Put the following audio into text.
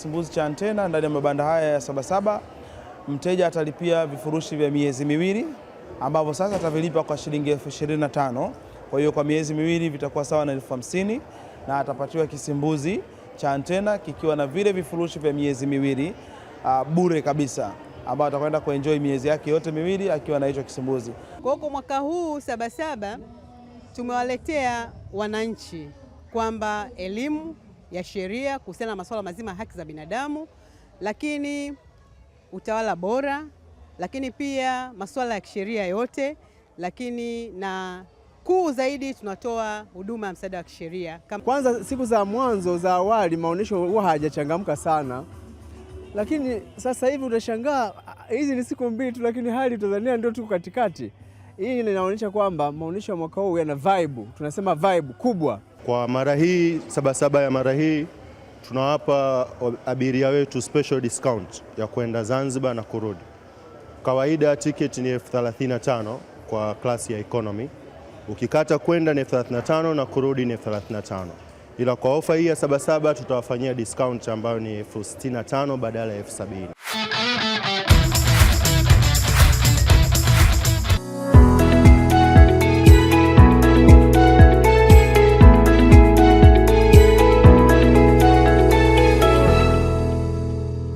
Kisimbuzi cha antena ndani ya mabanda haya ya Sabasaba, mteja atalipia vifurushi vya miezi miwili ambavyo sasa atavilipa kwa shilingi elfu ishirini na tano. Kwa hiyo kwa miezi miwili vitakuwa sawa na elfu hamsini na atapatiwa kisimbuzi cha antena kikiwa na vile vifurushi vya miezi miwili uh, bure kabisa ambayo atakwenda kuenjoy miezi yake yote miwili akiwa na hicho kisimbuzi. Kwa hiyo mwaka huu Sabasaba tumewaletea wananchi kwamba elimu ya sheria kuhusiana na masuala mazima ya haki za binadamu, lakini utawala bora, lakini pia masuala ya kisheria yote, lakini na kuu zaidi tunatoa huduma ya msaada wa kisheria. Kwanza siku za mwanzo za awali maonyesho huwa hayajachangamka sana, lakini sasa hivi utashangaa, hizi ni siku mbili tu, lakini hali Tanzania ndio tuko katikati. Hii inaonyesha kwamba maonyesho ya mwaka huu yana vibe, tunasema vibe kubwa. Kwa mara hii Sabasaba ya mara hii tunawapa abiria wetu special discount ya kwenda Zanzibar na kurudi. Kawaida tiketi ni elfu 35 kwa klasi ya economy, ukikata kwenda ni elfu 35 na kurudi ni elfu 35, ila kwa ofa hii ya Sabasaba tutawafanyia discount ambayo ni elfu 65 badala ya elfu 70.